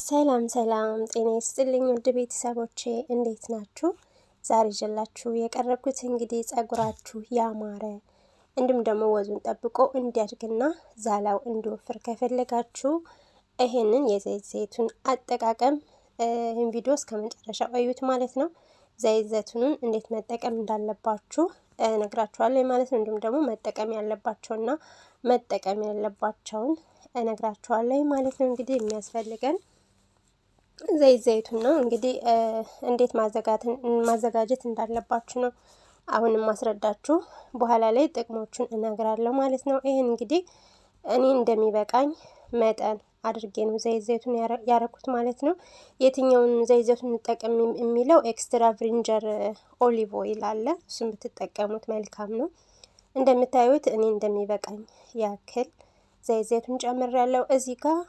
ሰላም ሰላም፣ ጤና ይስጥልኝ ውድ ቤተሰቦቼ እንዴት ናችሁ? ዛሬ ይዤላችሁ የቀረብኩት እንግዲህ ጸጉራችሁ ያማረ እንዲሁም ደግሞ ወዙን ጠብቆ እንዲያድግና ዛላው እንዲወፍር ከፈለጋችሁ ይሄንን የዘይት ዘይቱን አጠቃቀም ይህን ቪዲዮ እስከ መጨረሻ ቆዩት ማለት ነው። ዘይት ዘይቱንን እንዴት መጠቀም እንዳለባችሁ እነግራችኋለሁ ማለት ነው። እንዲሁም ደግሞ መጠቀም ያለባቸውና መጠቀም ያለባቸውን እነግራችኋለሁ ማለት ነው። እንግዲህ የሚያስፈልገን ዘይት ዘይቱን ነው እንግዲህ እንዴት ማዘጋጀት እንዳለባችሁ ነው አሁንም ማስረዳችሁ። በኋላ ላይ ጥቅሞቹን እነግራለሁ ማለት ነው። ይህን እንግዲህ እኔ እንደሚበቃኝ መጠን አድርጌ ነው ዘይት ዘይቱን ያረኩት ማለት ነው። የትኛውን ዘይት ዘይቱን እንጠቀም የሚለው ኤክስትራ ቪንጀር ኦሊቭ ኦይል አለ። እሱን ብትጠቀሙት መልካም ነው። እንደምታዩት እኔ እንደሚበቃኝ ያክል ዘይት ዘይቱን ጨምሬያለሁ እዚህ ጋር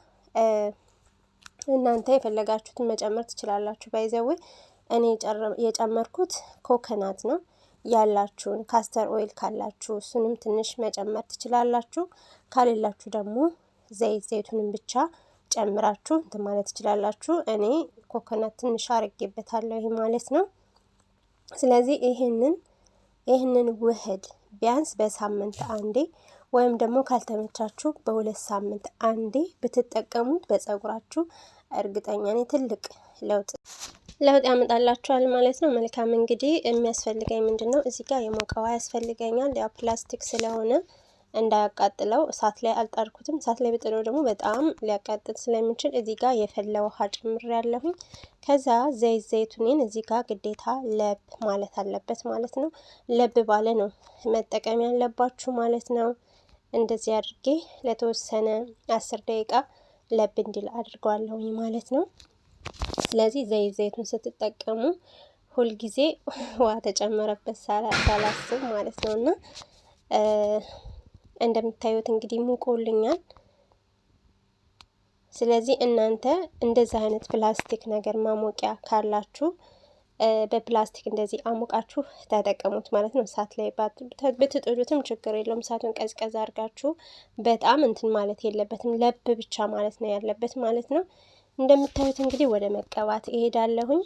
እናንተ የፈለጋችሁትን መጨመር ትችላላችሁ። ባይዘዌ እኔ የጨመርኩት ኮኮናት ነው። ያላችሁን ካስተር ኦይል ካላችሁ እሱንም ትንሽ መጨመር ትችላላችሁ። ከሌላችሁ ደግሞ ዘይት ዘይቱንም ብቻ ጨምራችሁ እንትን ማለት ትችላላችሁ። እኔ ኮኮናት ትንሽ አርጌበታለሁ ይሄ ማለት ነው። ስለዚህ ይህንን ይህንን ውህድ ቢያንስ በሳምንት አንዴ ወይም ደግሞ ካልተመቻችሁ በሁለት ሳምንት አንዴ ብትጠቀሙት በፀጉራችሁ እርግጠኛ ነኝ ትልቅ ለውጥ ለውጥ ያመጣላችኋል ማለት ነው። መልካም እንግዲህ የሚያስፈልገኝ ምንድን ነው? እዚህ ጋር የሞቀ ውሃ ያስፈልገኛል። ያው ፕላስቲክ ስለሆነ እንዳያቃጥለው እሳት ላይ አልጣርኩትም። እሳት ላይ ብጥሎ ደግሞ በጣም ሊያቃጥል ስለሚችል እዚህ ጋር የፈላ ውሃ ጭምር ያለሁኝ። ከዛ ዘይት ዘይቱኔን እዚህ ጋር ግዴታ ለብ ማለት አለበት ማለት ነው። ለብ ባለ ነው መጠቀም ያለባችሁ ማለት ነው። እንደዚህ አድርጌ ለተወሰነ አስር ደቂቃ ለብ እንዲል አድርገዋለሁኝ ማለት ነው። ስለዚህ ዘይት ዘይቱን ስትጠቀሙ ሁልጊዜ ውሃ ተጨመረበት ሳላስብ ማለት ነው እና እንደምታዩት እንግዲህ ሙቆልኛል። ስለዚህ እናንተ እንደዚህ አይነት ፕላስቲክ ነገር ማሞቂያ ካላችሁ በፕላስቲክ እንደዚህ አሞቃችሁ ተጠቀሙት ማለት ነው። እሳት ላይ ብትጥሉትም ችግር የለውም። እሳቱን ቀዝቀዝ አድርጋችሁ በጣም እንትን ማለት የለበትም። ለብ ብቻ ማለት ነው ያለበት ማለት ነው። እንደምታዩት እንግዲህ ወደ መቀባት እሄዳለሁኝ።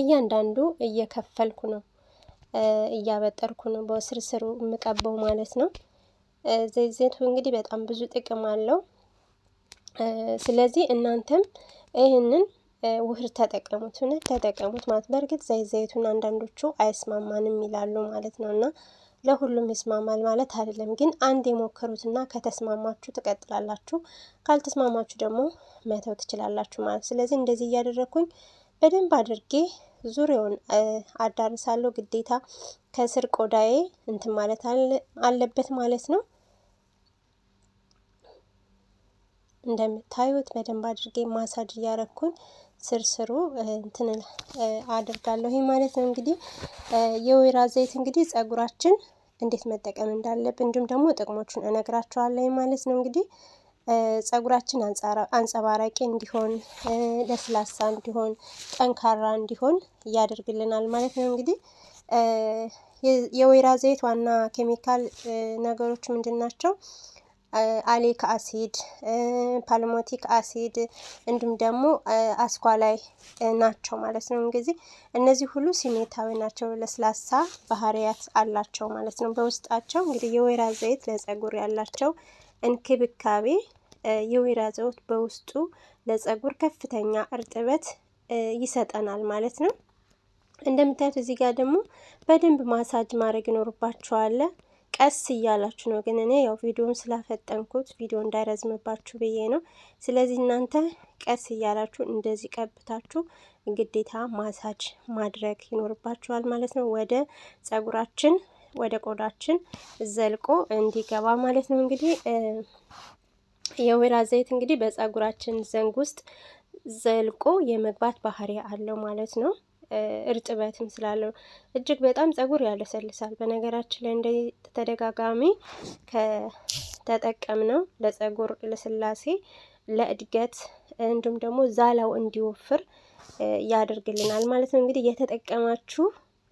እያንዳንዱ እየከፈልኩ ነው፣ እያበጠርኩ ነው በስርስሩ የምቀበው ማለት ነው። ዘይቱ እንግዲህ በጣም ብዙ ጥቅም አለው። ስለዚህ እናንተም ይህንን ውህድ ተጠቀሙት፣ እውነት ተጠቀሙት ማለት በእርግጥ ዘይት ዘይቱን አንዳንዶቹ አይስማማንም ይላሉ ማለት ነው እና ለሁሉም ይስማማል ማለት አይደለም። ግን አንድ የሞከሩትና ከተስማማችሁ ትቀጥላላችሁ፣ ካልተስማማችሁ ደግሞ መተው ትችላላችሁ ማለት። ስለዚህ እንደዚህ እያደረግኩኝ በደንብ አድርጌ ዙሪያውን አዳርሳለሁ። ግዴታ ከስር ቆዳዬ እንትን ማለት አለበት ማለት ነው። እንደምታዩት በደንብ አድርጌ ማሳጅ እያረግኩኝ ስርስሩ ስሩ እንትን አድርጋለሁ ማለት ነው። እንግዲህ የወይራ ዘይት እንግዲህ ጸጉራችን እንዴት መጠቀም እንዳለብን እንዲሁም ደግሞ ጥቅሞቹን እነግራቸዋለሁ ማለት ነው። እንግዲህ ጸጉራችን አንጸባራቂ እንዲሆን፣ ለስላሳ እንዲሆን፣ ጠንካራ እንዲሆን ያደርግልናል ማለት ነው። እንግዲህ የወይራ ዘይት ዋና ኬሚካል ነገሮች ምንድን ናቸው? አሌክ አሲድ፣ ፓልሞቲክ አሲድ እንዲሁም ደግሞ አስኳላይ ናቸው ማለት ነው። እንግዲህ እነዚህ ሁሉ ስሜታዊ ናቸው፣ ለስላሳ ባህሪያት አላቸው ማለት ነው። በውስጣቸው እንግዲህ የወይራ ዘይት ለጸጉር ያላቸው እንክብካቤ የወይራ ዘይት በውስጡ ለጸጉር ከፍተኛ እርጥበት ይሰጠናል ማለት ነው። እንደምታዩት እዚህ ጋር ደግሞ በደንብ ማሳጅ ማድረግ ይኖርባቸዋል። ቀስ እያላችሁ ነው። ግን እኔ ያው ቪዲዮን ስላፈጠንኩት ቪዲዮ እንዳይረዝምባችሁ ብዬ ነው። ስለዚህ እናንተ ቀስ እያላችሁ እንደዚህ ቀብታችሁ ግዴታ ማሳጅ ማድረግ ይኖርባችኋል ማለት ነው። ወደ ጸጉራችን ወደ ቆዳችን ዘልቆ እንዲገባ ማለት ነው። እንግዲህ የወይራ ዘይት እንግዲህ በጸጉራችን ዘንግ ውስጥ ዘልቆ የመግባት ባህሪ አለው ማለት ነው። እርጥበትም ስላለው እጅግ በጣም ጸጉር ያለሰልሳል። በነገራችን ላይ እንደ ተደጋጋሚ ከተጠቀም ነው ለጸጉር ለስላሴ፣ ለእድገት እንዲሁም ደግሞ ዛላው እንዲወፍር ያደርግልናል ማለት ነው። እንግዲህ የተጠቀማችሁ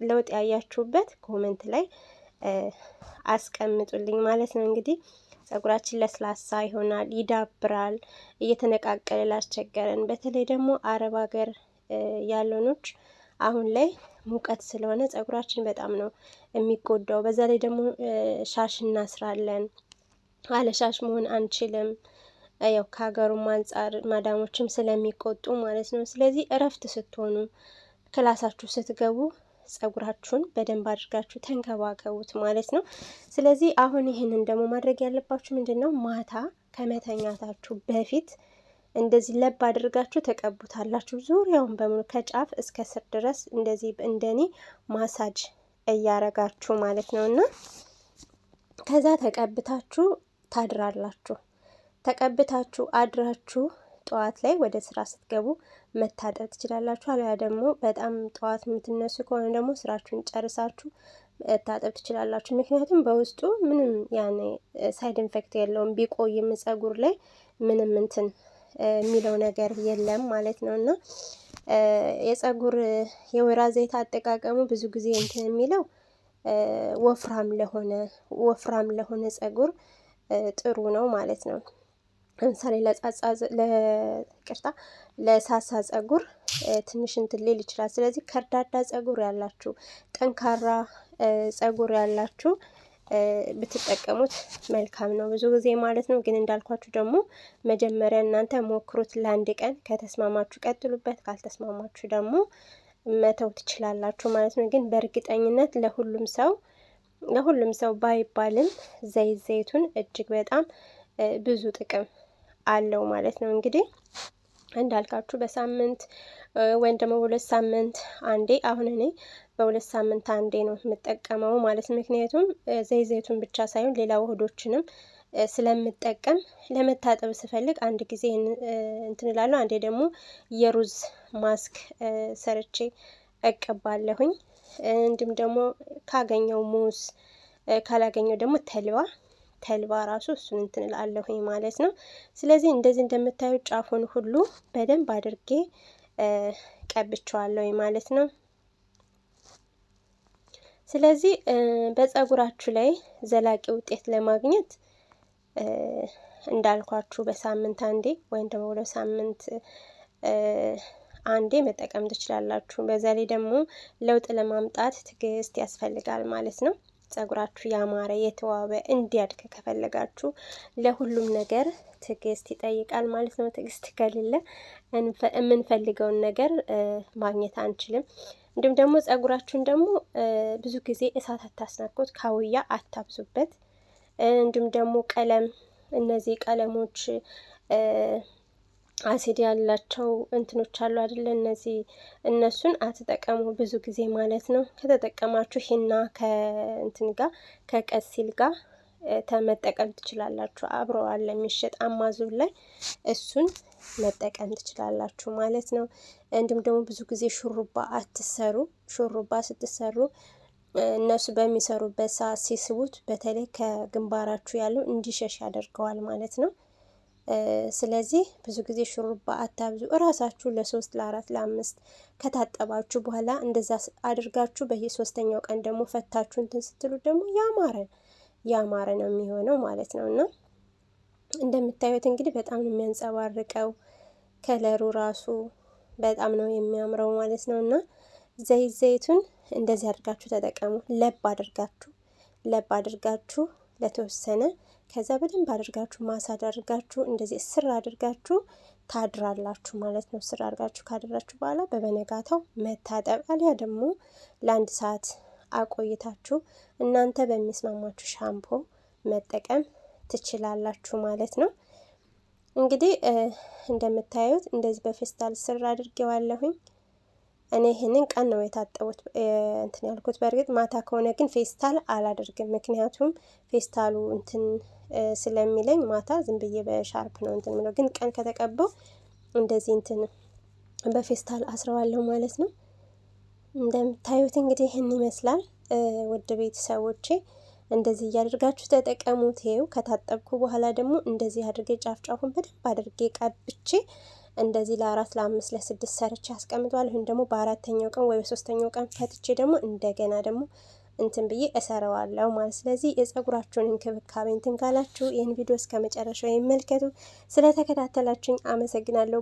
ለውጥ ያያችሁበት ኮመንት ላይ አስቀምጡልኝ ማለት ነው። እንግዲህ ጸጉራችን ለስላሳ ይሆናል፣ ይዳብራል። እየተነቃቀለ ላስቸገረን በተለይ ደግሞ አረብ ሀገር ያለኖች አሁን ላይ ሙቀት ስለሆነ ጸጉራችን በጣም ነው የሚጎዳው። በዛ ላይ ደግሞ ሻሽ እናስራለን፣ አለሻሽ መሆን አንችልም። ያው ከሀገሩም አንጻር ማዳሞችም ስለሚቆጡ ማለት ነው። ስለዚህ እረፍት ስትሆኑ ክላሳችሁ ስትገቡ ጸጉራችሁን በደንብ አድርጋችሁ ተንከባከቡት ማለት ነው። ስለዚህ አሁን ይህንን ደግሞ ማድረግ ያለባችሁ ምንድን ነው ማታ ከመተኛታችሁ በፊት እንደዚህ ለብ አድርጋችሁ ተቀቡታላችሁ። ዙሪያውን በሙሉ ከጫፍ እስከ ስር ድረስ እንደዚህ እንደኔ ማሳጅ እያረጋችሁ ማለት ነው እና ከዛ ተቀብታችሁ ታድራላችሁ። ተቀብታችሁ አድራችሁ ጠዋት ላይ ወደ ስራ ስትገቡ መታጠብ ትችላላችሁ። አሊያ ደግሞ በጣም ጠዋት የምትነሱ ከሆነ ደግሞ ስራችሁን ጨርሳችሁ መታጠብ ትችላላችሁ። ምክንያቱም በውስጡ ምንም ያኔ ሳይድ ኢንፌክት የለውም። ቢቆይም ጸጉር ላይ ምንም እንትን የሚለው ነገር የለም ማለት ነው እና የጸጉር የወይራ ዘይት አጠቃቀሙ ብዙ ጊዜ እንትን የሚለው ወፍራም ለሆነ ወፍራም ለሆነ ጸጉር ጥሩ ነው ማለት ነው። ለምሳሌ ለቅርታ ለሳሳ ጸጉር ትንሽ እንትን ሊል ይችላል። ስለዚህ ከርዳዳ ጸጉር ያላችሁ፣ ጠንካራ ጸጉር ያላችሁ ብትጠቀሙት መልካም ነው፣ ብዙ ጊዜ ማለት ነው። ግን እንዳልኳችሁ ደግሞ መጀመሪያ እናንተ ሞክሩት ለአንድ ቀን። ከተስማማችሁ ቀጥሉበት፣ ካልተስማማችሁ ደግሞ መተው ትችላላችሁ ማለት ነው። ግን በእርግጠኝነት ለሁሉም ሰው ለሁሉም ሰው ባይባልም ዘይት ዘይቱን እጅግ በጣም ብዙ ጥቅም አለው ማለት ነው። እንግዲህ እንዳልካችሁ በሳምንት ወይም ደግሞ በሁለት ሳምንት አንዴ። አሁን እኔ በሁለት ሳምንት አንዴ ነው የምጠቀመው ማለት ምክንያቱም ዘይ ዘይቱን ብቻ ሳይሆን ሌላ ውህዶችንም ስለምጠቀም ለመታጠብ ስፈልግ አንድ ጊዜ እንትንላለሁ አንዴ ደግሞ የሩዝ ማስክ ሰርቼ እቀባለሁኝ። እንዲሁም ደግሞ ካገኘው ሙዝ፣ ካላገኘው ደግሞ ተልባ ተልባ ራሱ እሱን እንትንላለሁኝ እላለሁኝ ማለት ነው። ስለዚህ እንደዚህ እንደምታዩት ጫፉን ሁሉ በደንብ አድርጌ ቀብቸዋለሁ ማለት ነው። ስለዚህ በፀጉራችሁ ላይ ዘላቂ ውጤት ለማግኘት እንዳልኳችሁ በሳምንት አንዴ ወይም ደግሞ ሁለት ሳምንት አንዴ መጠቀም ትችላላችሁ። በዛ ላይ ደግሞ ለውጥ ለማምጣት ትዕግስት ያስፈልጋል ማለት ነው። ጸጉራችሁ ያማረ የተዋበ እንዲያድግ ከፈለጋችሁ ለሁሉም ነገር ትዕግስት ይጠይቃል ማለት ነው። ትዕግስት ከሌለ የምንፈልገውን ነገር ማግኘት አንችልም። እንዲሁም ደግሞ ጸጉራችሁን ደግሞ ብዙ ጊዜ እሳት አታስነኩት፣ ካውያ አታብዙበት። እንዲሁም ደግሞ ቀለም እነዚህ ቀለሞች አሲድ ያላቸው እንትኖች አሉ አይደለ? እነዚህ እነሱን አትጠቀሙ ብዙ ጊዜ ማለት ነው። ከተጠቀማችሁ ሂና ከእንትን ጋር ከቀሲል ጋር መጠቀም ትችላላችሁ። አብረዋል ለሚሸጥ አማዞን ላይ እሱን መጠቀም ትችላላችሁ ማለት ነው። እንዲሁም ደግሞ ብዙ ጊዜ ሹሩባ አትሰሩ። ሹሩባ ስትሰሩ እነሱ በሚሰሩበት ሰዓት ሲስቡት በተለይ ከግንባራችሁ ያለው እንዲሸሽ ያደርገዋል ማለት ነው። ስለዚህ ብዙ ጊዜ ሹሩባ አታብዙ። እራሳችሁ ለሶስት ለአራት ለአምስት ከታጠባችሁ በኋላ እንደዛ አድርጋችሁ በየሶስተኛው ቀን ደግሞ ፈታችሁ እንትን ስትሉ ደግሞ ያማረ ያማረ ነው የሚሆነው ማለት ነው። እና እንደምታዩት እንግዲህ በጣም ነው የሚያንጸባርቀው ከለሩ ራሱ በጣም ነው የሚያምረው ማለት ነው። እና ዘይት ዘይቱን እንደዚህ አድርጋችሁ ተጠቀሙ። ለብ አድርጋችሁ ለብ አድርጋችሁ ለተወሰነ ከዛ በደንብ አድርጋችሁ ማሳ አድርጋችሁ እንደዚህ ስር አድርጋችሁ ታድራላችሁ ማለት ነው። ስር አድርጋችሁ ካደራችሁ በኋላ በበነጋታው መታጠብ አሊያ ደግሞ ለአንድ ሰዓት አቆይታችሁ እናንተ በሚስማማችሁ ሻምፖ መጠቀም ትችላላችሁ ማለት ነው። እንግዲህ እንደምታዩት እንደዚህ በፌስታል ስር አድርጌዋለሁኝ። እኔ ይህንን ቀን ነው የታጠቡት እንትን ያልኩት። በእርግጥ ማታ ከሆነ ግን ፌስታል አላደርግም፣ ምክንያቱም ፌስታሉ እንትን ስለሚለኝ ማታ ዝም ብዬ በሻርፕ ነው እንትን ምለው። ግን ቀን ከተቀባው እንደዚህ እንትን በፌስታል አስረዋለሁ ማለት ነው። እንደምታዩት እንግዲህ ይህን ይመስላል። ውድ ቤተሰቦቼ እንደዚህ እያደርጋችሁ ተጠቀሙት። ይኸው ከታጠብኩ በኋላ ደግሞ እንደዚህ አድርጌ ጫፍ ጫፉን በደንብ አድርጌ ቀብቼ እንደዚህ ለአራት ለአምስት ለስድስት ሰርቼ አስቀምጠዋል ይህን ደግሞ በአራተኛው ቀን ወይ በሶስተኛው ቀን ፈትቼ ደግሞ እንደገና ደግሞ እንትን ብዬ እሰራዋለሁ ማለት። ስለዚህ የጸጉራችሁን እንክብካቤ እንትን ካላችሁ ይህን ቪዲዮ እስከ መጨረሻው ይመልከቱ። ስለተከታተላችሁኝ አመሰግናለሁ።